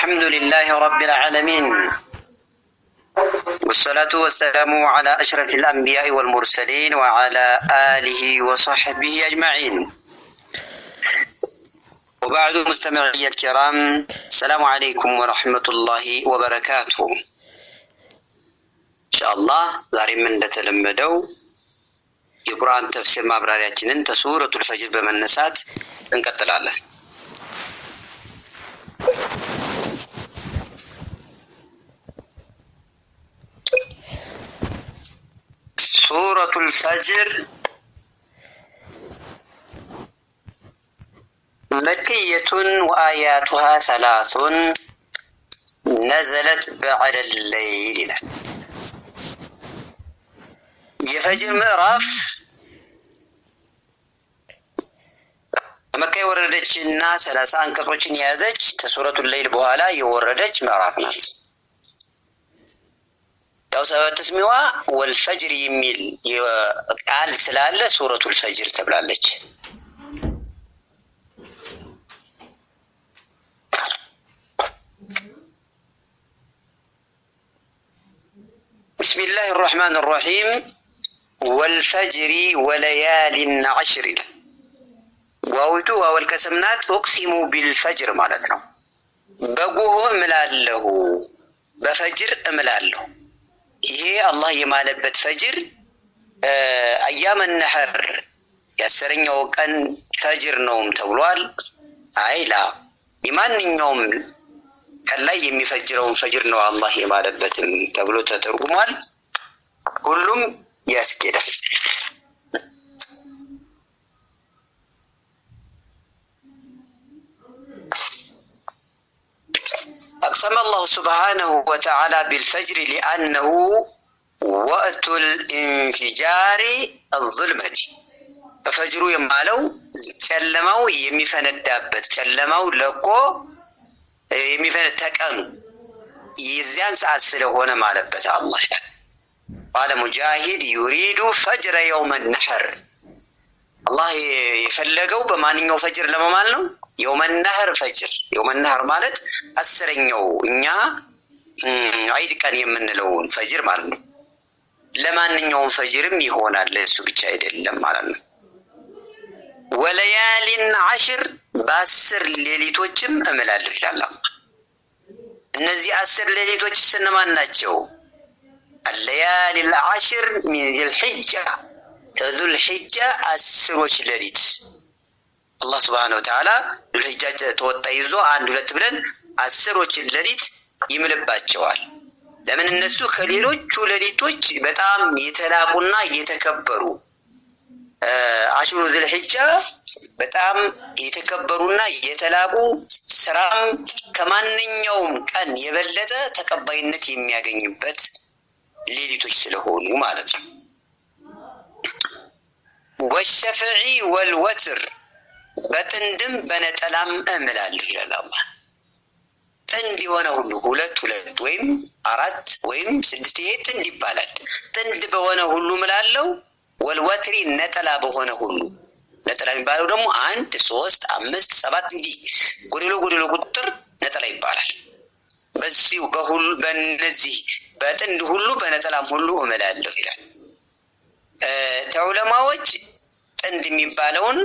الحمد لله رب العالمين والصلاة والسلام على أشرف الأنبياء والمرسلين وعلى آله وصحبه أجمعين وبعد مستمعي الكرام السلام عليكم ورحمة الله وبركاته إن شاء الله ዛሬ من تفسير እንደተለመደው የቁርአን ተፍሲር ማብራሪያችንን ተሱረቱል ፈጅር በመነሳት እንቀጥላለን سورة الفجر مكية وآياتها ثلاث نزلت بعد الليل يفجر مراف مكة وردتش الناس ثلاثة أنكفوش نيازج تسورة الليل بوالا يوردت مراف ناس ያው ተስሚዋ ወልፈጅር የሚል ቃል ስላለ ሱረቱል ፈጅር ተብላለች። ብስሚላህ ራሕማን ራሒም ወልፈጅሪ ወለያሊን ዐሽር ይል ዋዊቱ ዋወልከስም ናት። ኦቅሲሙ ቢልፈጅር ማለት ነው። በጉህ እምላለሁ፣ በፈጅር እምላለሁ ይሄ አላህ የማለበት ፈጅር አያመን ነሐር የአስረኛው ቀን ፈጅር ነውም ተብሏል። አይላ የማንኛውም ቀን ላይ የሚፈጅረውን ፈጅር ነው አላህ የማለበትም ተብሎ ተተርጉሟል። ሁሉም ያስኬዳል። وأقسم الله سبحانه وتعالى بالفجر لأنه ወቅቱ ልኢንፊጃሪ አልዙልመቲ በፈጅሩ የማለው ጨለማው የሚፈነዳበት ጨለማው ለቆ የሚፈነተቀኑ የዚያን ሰዓት ስለሆነ ማለበት አላህ ቃለ ሙጃሂድ ዩሪዱ ፈጅረ የውመ ነሕር አላህ የፈለገው በማንኛው ፈጅር ለመማል ነው የመናህር ፈጅር የመናህር ማለት አስረኛው እኛ አይድ ቀን የምንለውን ፈጅር ማለት ነው። ለማንኛውም ፈጅርም ይሆናል እሱ ብቻ አይደለም ማለት ነው። ወለያሊን አሽር በአስር ሌሊቶችም እምላለሁ ይላል። እነዚህ አስር ሌሊቶች ስንማን ናቸው? አለያሊ ልአሽር ሚን ዙልሒጃ ከዙልሒጃ አስሮች ሌሊት አላህ ስብሐነ ወተዓላ ዱልሂጃ ተወጣ ይዞ አንድ ሁለት ብለን አስሮችን ሌሊት ይምልባቸዋል። ለምን እነሱ ከሌሎቹ ሌሊቶች በጣም የተላቁና የተከበሩ አሽሩ ዙልሂጃ በጣም የተከበሩና የተላቁ ስራም ከማንኛውም ቀን የበለጠ ተቀባይነት የሚያገኝበት ሌሊቶች ስለሆኑ ማለት ነው። ወሸፈዒ ወልወትር በጥንድም በነጠላም እምላለሁ ይላል አላህ። ጥንድ የሆነ ሁሉ ሁለት ሁለት ወይም አራት ወይም ስድስት ይሄ ጥንድ ይባላል። ጥንድ በሆነ ሁሉ እምላለሁ፣ ወልወትሪ ነጠላ በሆነ ሁሉ ነጠላ የሚባለው ደግሞ አንድ ሶስት አምስት ሰባት እንዲህ ጎደሎ ጎደሎ ቁጥር ነጠላ ይባላል። በዚሁ በሁሉ በነዚህ በጥንድ ሁሉ በነጠላም ሁሉ እምላለሁ ይላል። ተዑለማዎች ጥንድ የሚባለውን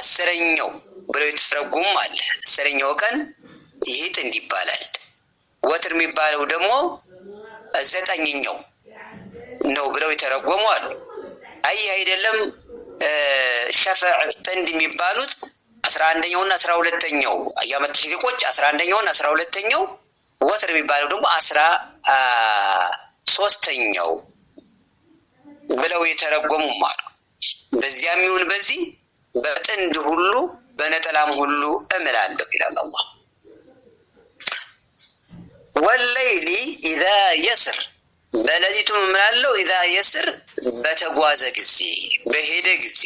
አስረኛው ብለው የተረጉም አለ። አስረኛው ቀን ይህ ጥንድ ይባላል። ወትር የሚባለው ደግሞ ዘጠኝኛው ነው ብለው የተረጎሙ አሉ። አይ አይደለም፣ ሸፈዕ ጥንድ የሚባሉት አስራ አንደኛውና አስራ ሁለተኛው አያመት ሽሪቆች አስራ አንደኛውና አስራ ሁለተኛው ወትር የሚባለው ደግሞ አስራ ሶስተኛው ብለው የተረጎሙም አሉ። በዚያም ይሁን በዚህ በጥንድ ሁሉ በነጠላም ሁሉ እምላለሁ ይላል አላህ። ወለይሊ ኢዛ የስር በሌሊቱም እምላለሁ። ኢዛ የስር በተጓዘ ጊዜ በሄደ ጊዜ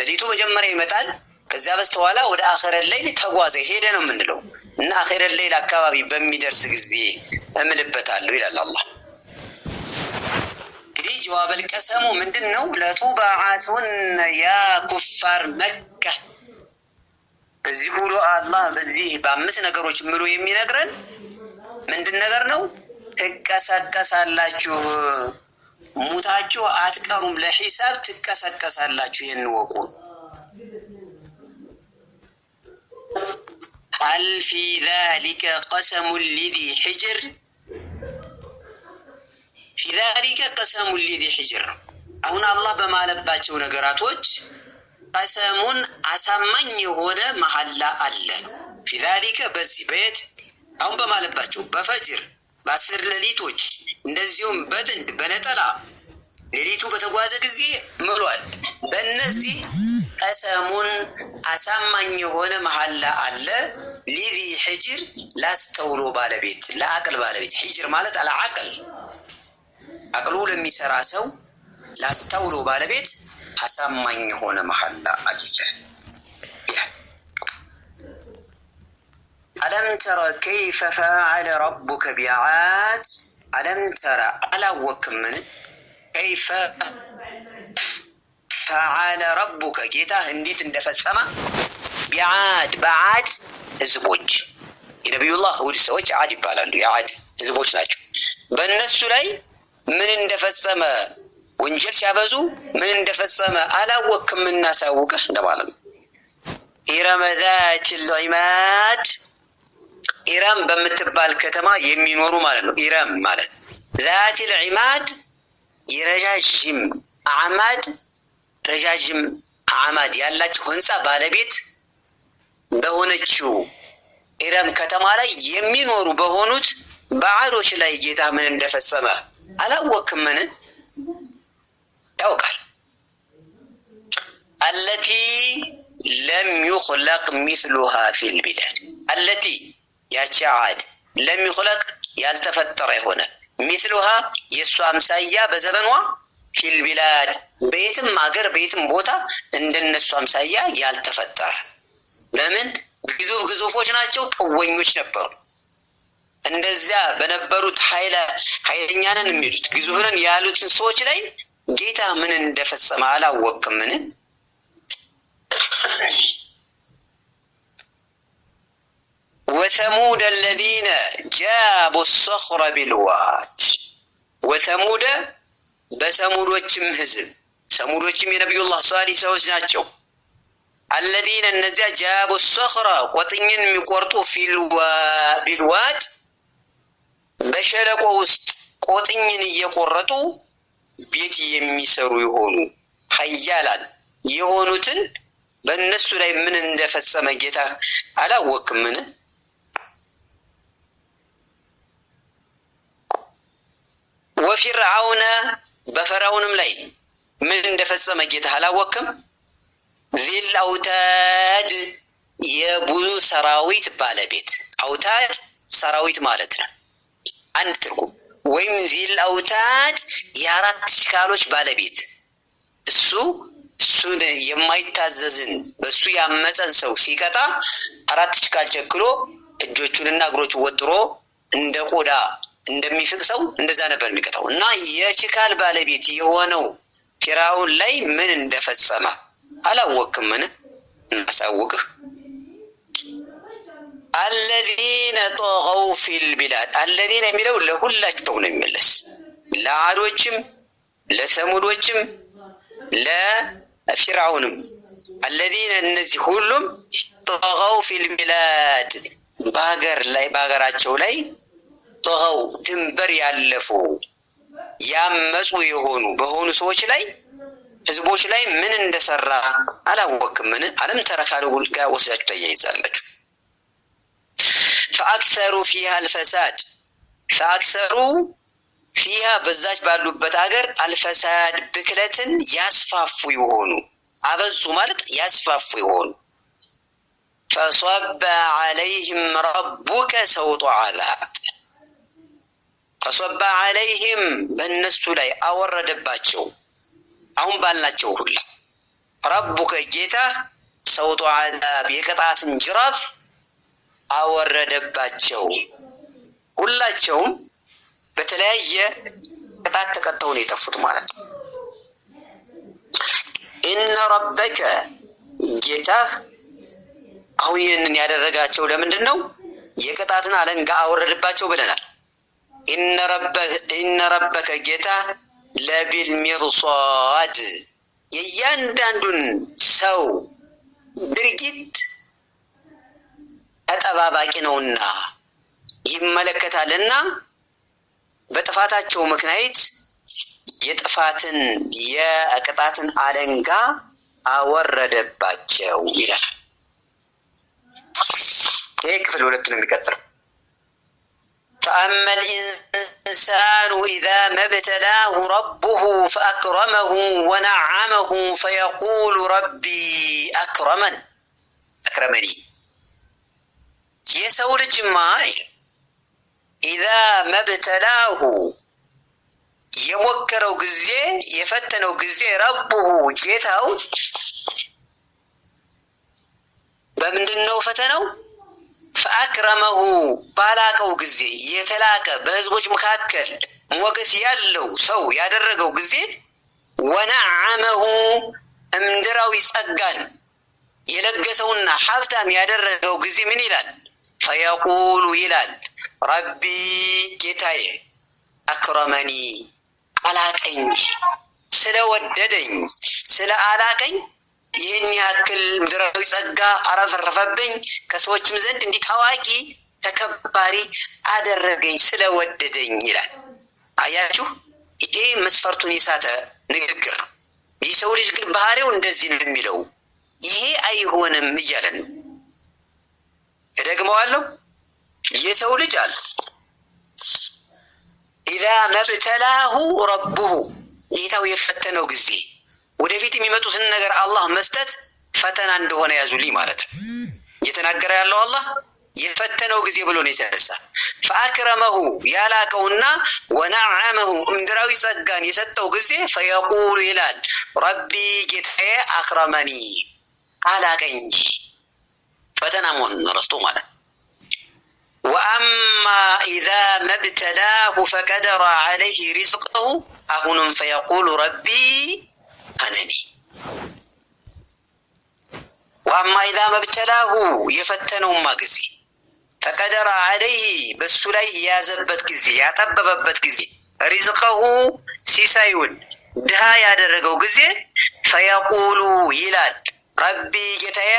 ሌሊቱ መጀመሪያ ይመጣል። ከዚያ በስተኋላ ወደ አኸረል ሌይል ተጓዘ ሄደ ነው የምንለው እና አኸረል ሌይል አካባቢ በሚደርስ ጊዜ እምልበታለሁ ይላል አላህ። ነቢዩ አበልቀሰሙ ምንድን ነው ለቱባዓቱን ያ ኩፋር መካ በዚህ ብሎ አላህ በዚህ በአምስት ነገሮች ምሎ የሚነግረን ምንድን ነገር ነው? ትቀሰቀሳላችሁ፣ ሙታችሁ አትቀሩም፣ ለሂሳብ ትቀሰቀሳላችሁ። የንወቁ ሀል ፊ ዛሊከ ቀሰሙን ሊዚ ሒጅር ፊዛሊከ ቀሰሙ ሊዚ ሒጅር አሁን አላህ በማለባቸው ነገራቶች ቀሰሙን አሳማኝ የሆነ መሐላ አለ። ፊዛሊከ በዚህ በየት አሁን በማለባቸው በፈጅር በአስር ሌሊቶች እንደዚሁም በጥንድ በነጠላ ሌሊቱ በተጓዘ ጊዜ ምሏል። በእነዚህ ቀሰሙን አሳማኝ የሆነ መሐላ አለ። ሊዚ ሒጅር ላስተውሎ ባለቤት ለአቅል ባለቤት ሒጅር ማለት አቅል አቅሉ ለሚሰራ ሰው ላስተውሎ ባለቤት አሳማኝ የሆነ መሐላ አግኘ። አለም ተረ ከይፈ ፈዓለ ረቡከ ቢዓድ፣ አለም ተረ አላወክምን? ከይፈ ፈዓለ ረቡከ ጌታህ እንዴት እንደፈጸመ ቢዓድ፣ በዓድ ህዝቦች የነቢዩላህ ሁድ ሰዎች አድ ይባላሉ። የዓድ ህዝቦች ናቸው። በእነሱ ላይ ምን እንደፈጸመ ወንጀል ሲያበዙ ምን እንደፈጸመ አላወቅም እናሳውቅህ እንደማለት ነው። ኢረመ ዛቲል ዒማድ በምትባል ከተማ የሚኖሩ ማለት ነው። ኢረም ማለት ዛቲል ዒማድ የረዣዥም አዕማድ ረዣዥም አዕማድ ያላቸው ህንፃ ባለቤት በሆነችው ኢረም ከተማ ላይ የሚኖሩ በሆኑት በዓሎች ላይ ጌታ ምን እንደፈጸመ ምን ያውቃል። አለቲ ለም ዩኽለቅ ሚስሉሃ ፊል ቢላድ አለቲ ያቺ አድ ለም ዩኽለቅ ያልተፈጠረ የሆነ ሚስሉሃ የእሷ አምሳያ በዘመኗ ፊል ቢላድ በየትም አገር በየትም ቦታ እንደነሱ አምሳያ ያልተፈጠረ። ለምን? ግዙፍ ግዙፎች ናቸው፣ ቀወኞች ነበሩ። እንደዚያ በነበሩት ኃይለ ኃይለኛ የሚሉት ግዙፍ ያሉትን ሰዎች ላይ ጌታ ምን እንደፈጸመ አላወቅምን? ወተሙደ አለዚነ ጃቡ ሰኽረ ቢልዋድ ወተሙደ በሰሙዶችም ህዝብ ሰሙዶችም የነቢዩላህ ሷሊህ ሰዎች ናቸው። አለዚነ እነዚያ ጃቡ ሰኽረ ቆጥኝን የሚቆርጡ ቢልዋድ በሸለቆ ውስጥ ቆጥኝን እየቆረጡ ቤት የሚሰሩ የሆኑ ሀያላን የሆኑትን በእነሱ ላይ ምን እንደፈጸመ ጌታ አላወቅምን? ወፊርአውነ በፈራውንም ላይ ምን እንደፈጸመ ጌታ አላወቅም? ዚል አውታድ የብዙ ሰራዊት ባለቤት አውታድ ሰራዊት ማለት ነው። አንድ ትርጉም ወይም ዚል አውታድ የአራት ሽካሎች ባለቤት እሱ እሱን የማይታዘዝን በእሱ ያመፀን ሰው ሲቀጣ አራት ሽካል ቸክሎ እጆቹንና እግሮቹን ወጥሮ እንደ ቆዳ እንደሚፍቅ ሰው እንደዛ ነበር የሚቀጣው እና የችካል ባለቤት የሆነው ፊራውን ላይ ምን እንደፈጸመ ምን እናሳውቅህ አለዚነ ጦቀው ፊል ቢላድ አለዚነ የሚለው ለሁላቸው ነው የሚመለስ ለአዶችም ለሰሙዶችም ለፊርዓውንም አለዚነ እነዚህ ሁሉም ጦቀው ፊል ቢላድ በሀገር ላይ በሀገራቸው ላይ ጦቀው ድንበር ያለፉ ያመፁ የሆኑ በሆኑ ሰዎች ላይ ህዝቦች ላይ ምን እንደሰራ አላወቅምን? አለም ተረካልጉል ጋር ወስዳችሁ ተያይዛላችሁ። ፈአክሰሩ ፊሃ አልፈሳድ ፈአክሰሩ ፊሃ በዛች ባሉበት ሀገር አልፈሳድ ብክለትን ያስፋፉ ይሆኑ አበዙ ማለት ያስፋፉ ይሆኑ ፈሶበ ዐለይህም ረቡከ ሰውጦ ዐዛብ ፈሶበ ዐለይህም በእነሱ ላይ አወረደባቸው። አሁን ባልናቸው ሁላ ረቡከ ጌታ ሰውጦ ዐዛብ የቅጣትን ጅራፍ አወረደባቸው። ሁላቸውም በተለያየ ቅጣት ተቀጥተው ነው የጠፉት ማለት ነው። ኢነ ረበከ ጌታህ አሁን ይህንን ያደረጋቸው ለምንድን ነው? የቅጣትን አለንጋ አወረድባቸው ብለናል። ኢነ ረበከ ጌታ ለቢል ሚርሷድ የእያንዳንዱን ሰው ድርጊት أتباباكي نونا يملكة لنا بتفاتا شو مكنايت يتفاتن يا أكتاتن أرنجا أورد باتشو إلى هيك في الولد المكتر فأما الإنسان إذا ما ابتلاه ربه فأكرمه ونعمه فيقول ربي أكرمن أكرمني የሰው ልጅማ ኢዛ መብተላሁ የሞከረው ጊዜ የፈተነው ጊዜ ረቡሁ ጌታው በምንድን ነው ፈተነው? ፈአክረመሁ ባላቀው ጊዜ የተላቀ በህዝቦች መካከል ሞገስ ያለው ሰው ያደረገው ጊዜ ወነዓመሁ እምድራዊ ጸጋን የለገሰውና ሀብታም ያደረገው ጊዜ ምን ይላል? ፈየቁሉ ይላል ረቢ ጌታዬ አክረመኒ አላቀኝ ስለወደደኝ ስለ አላቀኝ ይህን ያክል ምድራዊ ጸጋ አረፈረፈብኝ፣ ከሰዎችም ዘንድ እንዲህ ታዋቂ ተከባሪ አደረገኝ ስለወደደኝ ይላል። አያችሁ፣ ይሄ መስፈርቱን የሳተ ንግግር ነው። የሰው ልጅ ግን ባህሪው እንደዚህ ነው የሚለው። ይሄ አይሆንም እያለን ነው እደግመዋለሁ። የሰው ልጅ አለ ኢዛ መብተላሁ ረቡሁ ጌታው የፈተነው ጊዜ ወደፊት የሚመጡትን ነገር አላህ መስጠት ፈተና እንደሆነ ያዙልኝ ማለት ነው። እየተናገረ ያለው አላህ የፈተነው ጊዜ ብሎ ነው የተነሳ ፈአክረመሁ ያላቀውና ወነዓመሁ ምድራዊ ጸጋን የሰጠው ጊዜ ፈየቁሉ ይላል ረቢ ጌታዬ አክረመኒ አላቀኝ ፈተና መሆኑን ረስቶ ማለት ነው። ወአማ ኢዛ መብተላሁ ፈቀደረ ዐለይህ ሪዝቅሁ አሁንም ፈየቁሉ ረቢ አነኒ ወአማ ኢዛ መብተላሁ የፈተነውማ ጊዜ ፈቀደረ ዐለይህ በሱ ላይ የያዘበት ጊዜ ያጠበበበት ጊዜ ሪዝቀሁ ሲሳዩን ድሃ ያደረገው ጊዜ ፈየቁሉ ይላል ረቢ ጌታዬ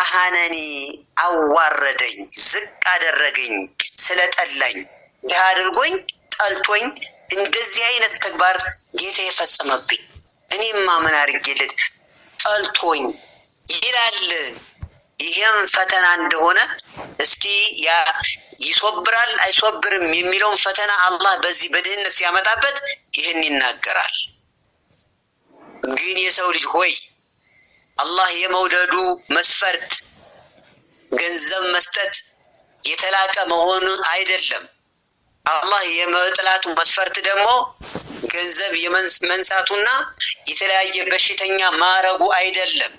አሃነኒ አዋረደኝ፣ ዝቅ አደረገኝ፣ ስለጠላኝ ድሃ አድርጎኝ ጠልቶኝ፣ እንደዚህ አይነት ተግባር ጌታ የፈጸመብኝ እኔማ ምን አድርጌለት ጠልቶኝ ይላል። ይህም ፈተና እንደሆነ እስቲ ያ ይሶብራል አይሶብርም የሚለውን ፈተና አላህ በዚህ በድህነት ሲያመጣበት ይህን ይናገራል። ግን የሰው ልጅ ሆይ አላህ የመውደዱ መስፈርት ገንዘብ መስጠት የተላቀ መሆኑ አይደለም። አላህ የመጥላቱ መስፈርት ደግሞ ገንዘብ የመንሳቱና የተለያየ በሽተኛ ማረጉ አይደለም።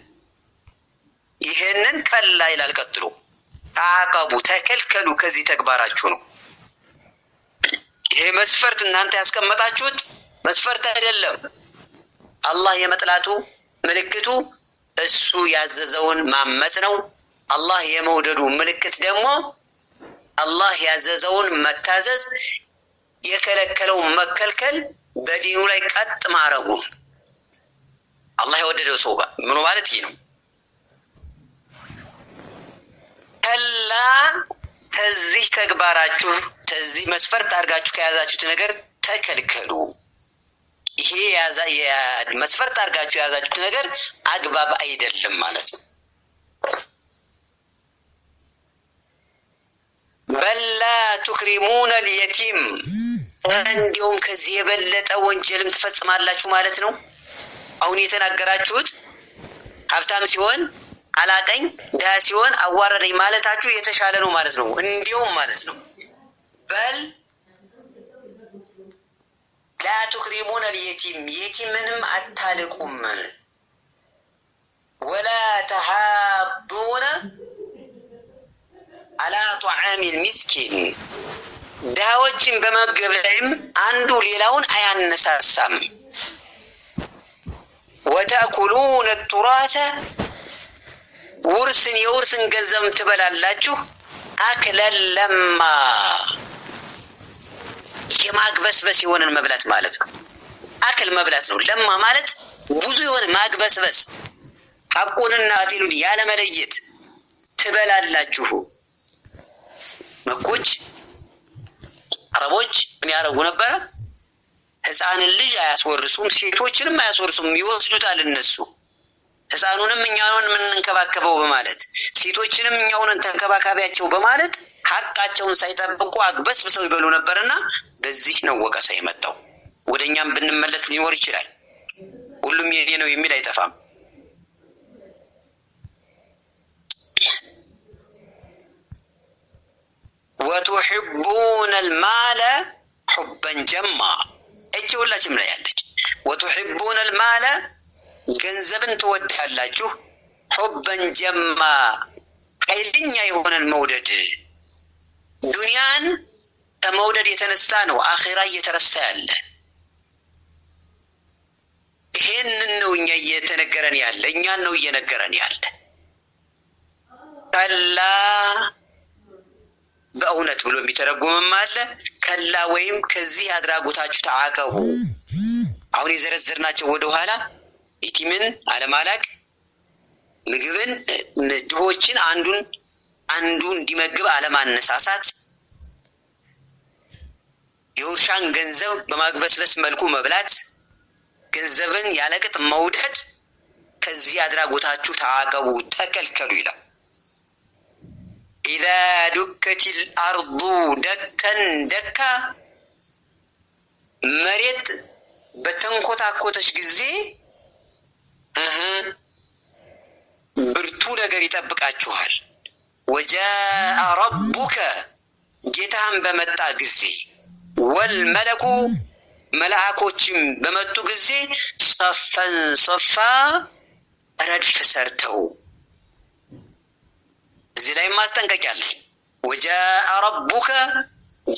ይህንን ከላ ይላል ቀጥሎ ተዓቀቡ ተከልከሉ ከዚህ ተግባራችሁ ነው። ይሄ መስፈርት እናንተ ያስቀመጣችሁት መስፈርት አይደለም። አላህ የመጥላቱ ምልክቱ እሱ ያዘዘውን ማመፅ ነው። አላህ የመውደዱ ምልክት ደግሞ አላህ ያዘዘውን መታዘዝ፣ የከለከለውን መከልከል፣ በዲኑ ላይ ቀጥ ማረጉ አላህ የወደደው ሰው ምኑ ማለት ይህ ነው። ከላ ተዚህ ተግባራችሁ ተዚህ መስፈርት አድርጋችሁ ከያዛችሁት ነገር ተከልከሉ። ይሄ መስፈርት አድርጋችሁ የያዛችሁት ነገር አግባብ አይደለም ማለት ነው። በላ ቱክሪሙነ ልየቲም እንዲሁም ከዚህ የበለጠ ወንጀልም ትፈጽማላችሁ ማለት ነው። አሁን የተናገራችሁት ሀብታም ሲሆን አላቀኝ፣ ድሃ ሲሆን አዋረደኝ ማለታችሁ የተሻለ ነው ማለት ነው። እንዲሁም ማለት ነው በል ላቱክሪሙን ልየቲም የቲምንም አታልቁም ወላ ተሓዱነ አላ ጧዓሚል ሚስኪን ድሃዎችን በመገብ ላይም አንዱ ሌላውን አያነሳሳም። ወተእኩሉነ ቱራተ ውርስን የውርስን ገንዘብም ትበላላችሁ አክለን ለማ የማግበስበስ የሆነን መብላት ማለት ነው። አክል መብላት ነው። ለማ ማለት ብዙ የሆነ ማግበስበስ፣ ሐቁንና ባጢሉን ያለመለየት ትበላላችሁ። መኮች አረቦች ምን ያደረጉ ነበረ? ህፃንን ልጅ አያስወርሱም፣ ሴቶችንም አያስወርሱም። ይወስዱታል እነሱ ህፃኑንም እኛውን የምንንከባከበው በማለት ሴቶችንም እኛውን ተንከባካቢያቸው በማለት ሀቃቸውን ሳይጠብቁ አግበስብሰው ይበሉ ነበርና በዚህ ነው ወቀሳ የመጣው። ወደ እኛም ብንመለስ ሊኖር ይችላል። ሁሉም የኔ ነው የሚል አይጠፋም። ወቱሕቡነ ልማለ ሑበን ጀማ እጅ ሁላችም ላይ ያለች ወቱሕቡነ ልማለ ገንዘብን ትወዳላችሁ ሑበን ጀማ ኃይለኛ የሆነን መውደድ ዱንያን ከመውደድ የተነሳ ነው አኼራ እየተረሳ ያለ። ይሄንን ነው እኛ እየተነገረን ያለ፣ እኛን ነው እየነገረን ያለ። ከላ በእውነት ብሎ የሚተረጉምም አለ። ከላ ወይም ከዚህ አድራጎታችሁ ተዓቀቡ። አሁን የዘረዘርናቸው ኋላ ኢቲምን አለማላቅ፣ ምግብን፣ ድሆችን አንዱን አንዱ እንዲመግብ አለማነሳሳት፣ የውርሻን ገንዘብ በማግበስበስ መልኩ መብላት፣ ገንዘብን ያለቅጥ መውደድ፣ ከዚህ አድራጎታችሁ ታቀቡ፣ ተከልከሉ ይላል። ኢዛ ዱከቲል አርዱ ደከን ደካ፣ መሬት በተንኮታኮተች ጊዜ ብርቱ ነገር ይጠብቃችኋል። ወጃአ ረቡከ ጌታህም በመጣ ጊዜ ወል መለኩ መልአኮችም በመጡ ጊዜ ሰፈን ሰፋ ረድፍ ሰርተው። እዚህ ላይ ማስጠንቀቂያ አለ። ወጃአ ረቡከ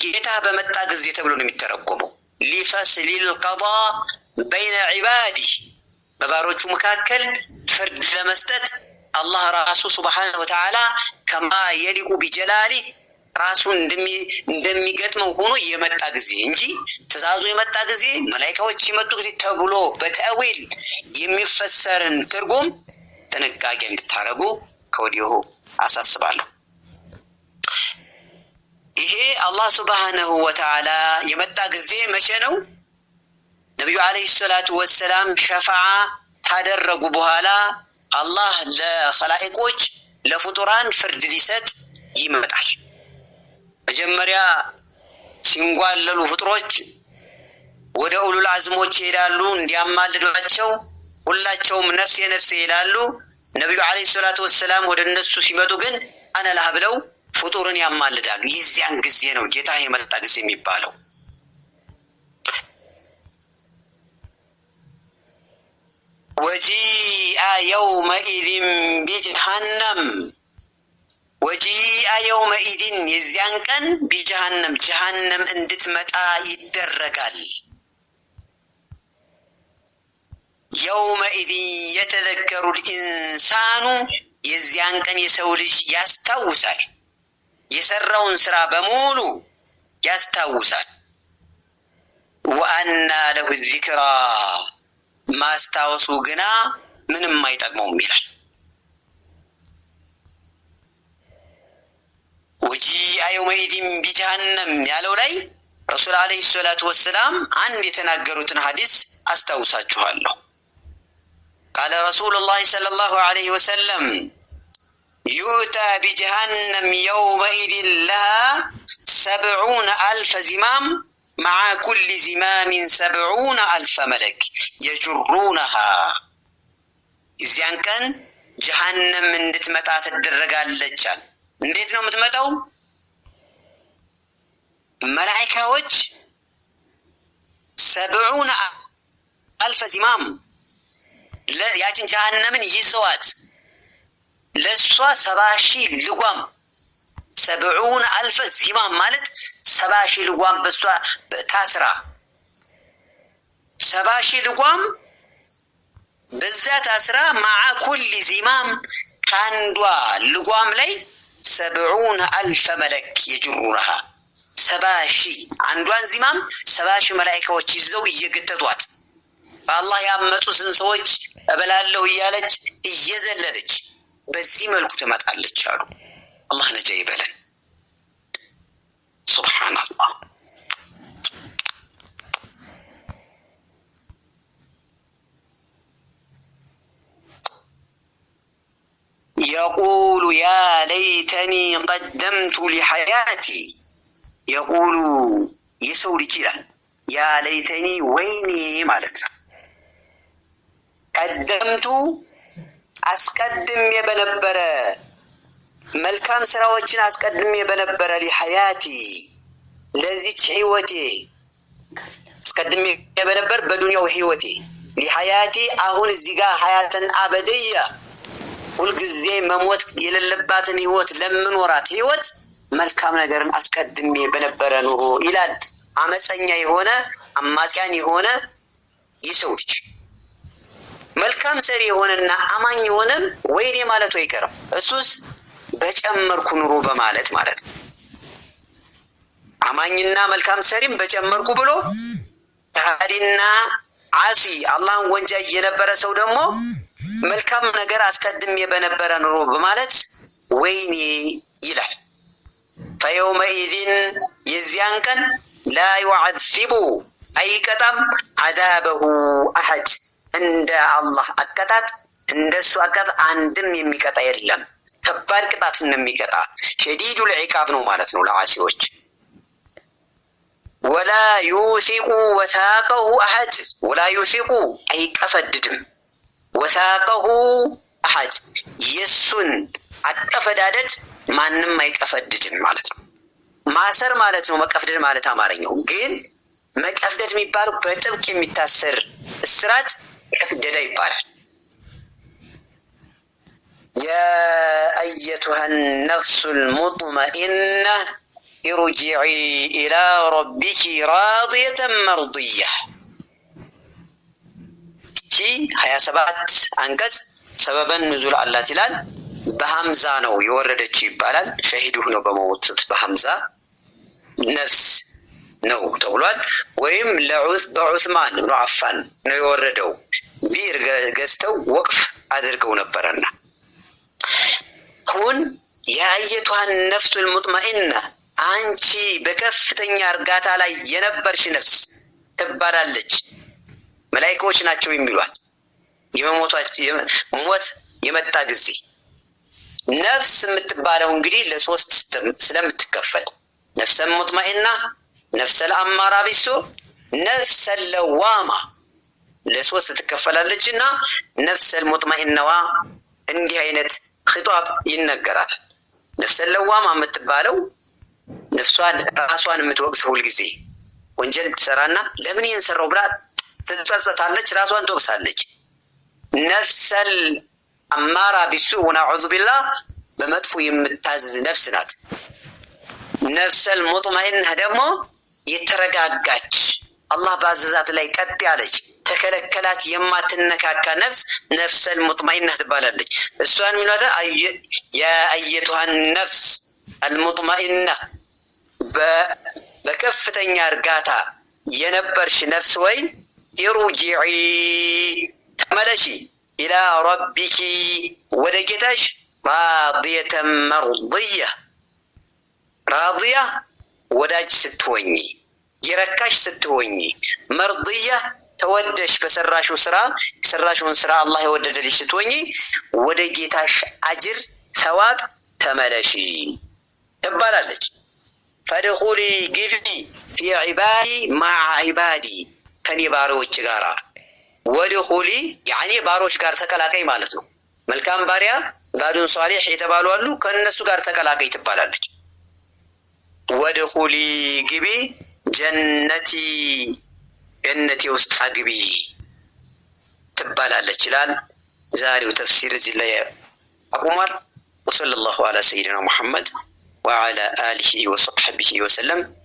ጌታህ በመጣ ጊዜ ተብሎ ነው የሚተረጎመው። ሊፈስሊል ቀዳ በይነ ዒባዲህ በባሮቹ መካከል ፍርድ ለመስጠት አላህ ራሱ ሱብሓነ ወተዓላ ከማ የሊቁ ቢጀላሊ ራሱን እንደሚገጥመው ሆኖ የመጣ ጊዜ እንጂ ትእዛዙ የመጣ ጊዜ መላይካዎች የመጡ ጊዜ ተብሎ በተዊል የሚፈሰርን ትርጉም ጥንቃቄ እንድታደርጉ ከወዲሁ አሳስባለሁ። ይሄ አላህ ሱብሓነሁ ወተዓላ የመጣ ጊዜ መቼ ነው? ነቢዩ ዓለይሂ ሰላቱ ወሰላም ሸፋዓ ካደረጉ በኋላ አላህ ለኸላኢቆች ለፍጡራን ፍርድ ሊሰጥ ይመጣል። መጀመሪያ ሲንጓለሉ ፍጡሮች ወደ ኡሉል አዝሞች ይሄዳሉ እንዲያማልዷቸው። ሁላቸውም ነፍሴ ነፍሴ ይላሉ። ነቢዩ ዓለይሂ ሰላቱ ወሰላም ወደ እነሱ ሲመጡ ግን አነላህ ብለው ፍጡርን ያማልዳሉ። የዚያን ጊዜ ነው ጌታ የመጣ ጊዜ የሚባለው። ወጂአ የውመኢድን ቢጀሃነም ወጂአ የውመኢድን የዚያን ቀን ቢጀሃነም ጀሃነም እንድትመጣ ይደረጋል። የውመኢድን የተዘከሩ ኢንሳኑ የዚያን ቀን የሰው ልጅ ያስታውሳል። የሰራውን ስራ በሙሉ ያስታውሳል። ወአና ለሁ ዚክራ ማስታወሱ ግና ምንም አይጠቅመውም ይላል። ወጂአ የውመኢዚን ቢጀሃነም ያለው ላይ ረሱል ዓለይሂ ሰላቱ ወሰላም አንድ የተናገሩትን ሀዲስ አስታውሳችኋለሁ። ቃለ ረሱሉላህ ሰለላሁ ዓለይሂ ወሰለም ዩእታ ቢጀሃነም የውመኢዚን ለሃ ሰብዑነ አልፈ ዚማም መዓ ኩል ዚማሚን ሰብዑነ አልፈ መለክ የጅሩነሃ እዚያን ቀን ጀሃነም እንድትመጣ ትደረጋለቻል። እንዴት ነው የምትመጣው? መላይካዎች ሰብዑነ አልፈ ዚማም ያችን ጀሃነምን ይዘዋት ለእሷ ሰባ ሺህ ልጓም ሰብዑን አልፈ ዚማም ማለት ሰባ ሺህ ልጓም በሷ ታስራ ሰባ ሺህ ልጓም በዛ ታስራ ማዓ ኩል ዚማም ከአንዷ ልጓም ላይ ሰብዑን አልፈ መለክ የጅሩረሃ ሰባ ሺህ አንዷን ዚማም ሰባ ሺህ መላይካዎች ይዘው እየገተቷት በአላህ ያመፁትን ሰዎች እበላለሁ እያለች እየዘለለች በዚህ መልኩ ትመጣለች አሉ። الله انا جايبه سبحان الله يقول يا ليتني قدمت لحياتي يقول يسوري كلا يا ليتني ويني مالت قدمت أسقدم يا بنبره መልካም ስራዎችን አስቀድሜ በነበረ ሊሀያቲ ለዚች ህይወቴ አስቀድሜ በነበር በዱንያው ህይወቴ ሊሀያቲ አሁን እዚህ ጋር ሀያተን አበድያ ሁልጊዜ መሞት የሌለባትን ህይወት ለምኖራት ህይወት መልካም ነገርን አስቀድሜ በነበረ ኑሮ ይላል። አመፀኛ የሆነ አማጽያን የሆነ ይሰዎች መልካም ሰሪ የሆነና አማኝ የሆነም ወይኔ ማለቱ አይቀርም። እሱስ በጨመርኩ ኑሮ በማለት ማለት ነው። አማኝና መልካም ሰሪም በጨመርኩ ብሎ ከሃዲና አሲ አላህን ወንጃይ የነበረ ሰው ደግሞ መልካም ነገር አስቀድሜ በነበረ ኑሮ በማለት ወይኔ ይላል። ፈየውመኢዝን የዚያን ቀን ላ ዩዓዚቡ አይቀጣም አዛበሁ አሐድ እንደ አላህ አቀጣጥ እንደሱ አቀጣት አንድም የሚቀጣ የለም። ከባድ ቅጣት እንደሚቀጣ ሸዲዱ ልዒቃብ ነው ማለት ነው ለዓሲዎች። ወላ ዩሲቁ ወሳቀሁ አሐድ ወላ ዩሲቁ አይቀፈድድም። ወሳቀሁ አሐድ የሱን አቀፈዳደድ ማንም አይቀፈድድም ማለት ነው። ማሰር ማለት ነው መቀፍደድ ማለት አማርኛው። ግን መቀፍደድ የሚባለው በጥብቅ የሚታሰር እስራት ቀፍደዳ ይባላል። የአየቱሃን አየቱሃን ነፍሱል ሙጥመኢና ኢርጂዒ ኢላ ረቢኪ ራድየተን መርድያ። ቺ ሀያ ሰባት አንቀጽ ሰበበን ኑዙል አላት ይላል። በሀምዛ ነው የወረደችው ይባላል። ሸሂድ ነው በመወቱት በሀምዛ ነፍስ ነው ተብሏል። ወይም በዑስማን ብኑ አፋን ነው የወረደው ቢር ገዝተው ወቅፍ አድርገው ነበረና አሁን የአየቷን ነፍሱል ሙጥመኢና አንቺ በከፍተኛ እርጋታ ላይ የነበርሽ ነፍስ ትባላለች። መላይካዎች ናቸው የሚሏት ሞት የመጣ ጊዜ ነፍስ የምትባለው እንግዲህ ለሶስት ስለምትከፈል ነፍሰን ሙጥመኢና፣ ነፍሰ ለአማራ ቢሶ፣ ነፍሰ ለዋማ ለሶስት ትከፈላለች እና ነፍሰ ሙጥመኢናዋ እንዲህ አይነት ኺጧብ ይነገራል። ነፍሰ ለዋማ የምትባለው ነፍሷን ራሷን የምትወቅስ ሁልጊዜ ወንጀል ትሰራና ለምን ይህን ሰራው ብላ ትጸጸታለች፣ ራሷን ትወቅሳለች። ነፍሰል አማራ ቢሱ ወናዑዙ ቢላ በመጥፎ የምታዝ ነፍስ ናት። ነፍሰል ሙጥመኢና ደግሞ የተረጋጋች አላህ በአዘዛት ላይ ቀጥ ያለች ተከለከላት የማትነካካ ነፍስ ነፍሰል ሙጥማይና ትባላለች። እሷን የሚሏት የአየቱሃን ነፍስ አልሙጥማይና በከፍተኛ እርጋታ የነበርሽ ነፍስ ወይ ኢሩጂዒ ተመለሺ፣ ኢላ ረቢኪ ወደ ጌታሽ ራዲየተን መርድያ ራዲያ ወዳጅ ስትሆኝ የረካሽ ስትሆኝ መርድያ ተወደሽ በሰራሽው ስራ የሰራሽውን ስራ አላህ የወደደልሽ ስትሆኚ ወደ ጌታሽ አጅር ሰዋብ ተመለሺ ትባላለች። ፈድኹሊ ግቢ ፊ ዒባዲ ማዓ ዒባዲ ከኔ ባሪዎች ጋራ ወድኹሊ ያኒ ባሮች ጋር ተቀላቀይ ማለት ነው። መልካም ባሪያ ባዱን ሷሊሕ የተባሉ አሉ። ከእነሱ ጋር ተቀላቀይ ትባላለች። ወድኹሊ ግቢ ጀነቲ جنتي وسط أجبي تبالا لجلال زاري وتفسير زلية عمر وصلى الله على سيدنا محمد وعلى آله وصحبه وسلم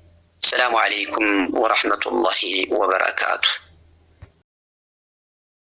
السلام عليكم ورحمة الله وبركاته